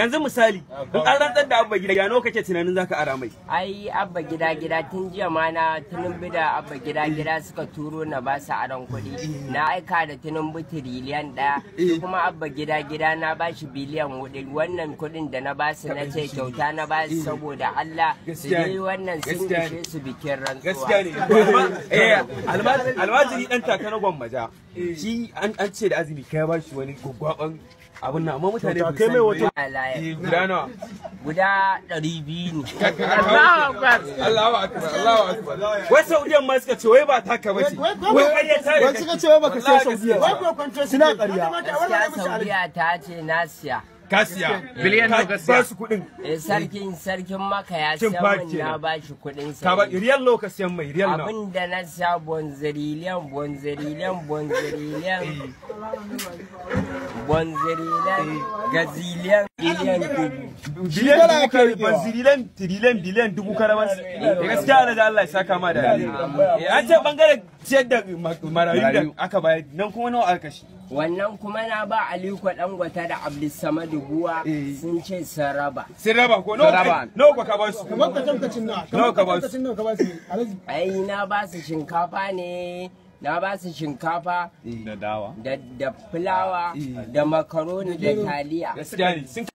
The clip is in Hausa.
yanzu misali in an rantsar da abba gida ya nawa kake tunanin zaka ara mai ai abba gida gida tun jiya ma na tunumbi da abba gida gida suka turo na ba su aron kuɗi na aika da tunumbi tiriliyan ɗaya kuma abba gida gida na ba shi biliyan hudu wannan kuɗin da na ba su na ce kyauta na ba su saboda Allah su yi wannan sun ishe su bikin rantsuwa gaskiya ne eh, almajiri dan taka na gwammaja shi an ce da azumi kai ba shi wani gwaggwaban abin na amma mutane ba su Eh, guda nawa guda ɗari biyu ne Allahu akbar Allahu akbar Allahu akbar wai saudiyan ma suka ce wai ba taka ba ce wai ƙarya ta ne suka ce wai baka saudiya suna ƙarya saudiya ta ce na siya kasiya biliyan nawa kasiya ba su eh, sarkin sarkin maka ya mun na ba shi kudin sa ka riyal mai riyal na. abin da na sa bonzirilen bonzirilen bonzirilen bonzirilen gaziliyan biliyan dubu biliyan dubu kai bonzirilen biliyan dubu karamas eh, eh, gaskiya da Allah ya saka ma da an ce bangaren ciyar kuma wannan kuma na ba aliko dangwata da abdulsamadu buwa eh. sun ce saraba raba. ai na ba shinkafa ne na ba su shinkafa eh. da dawa da fulawa eh. da makaroni da taliya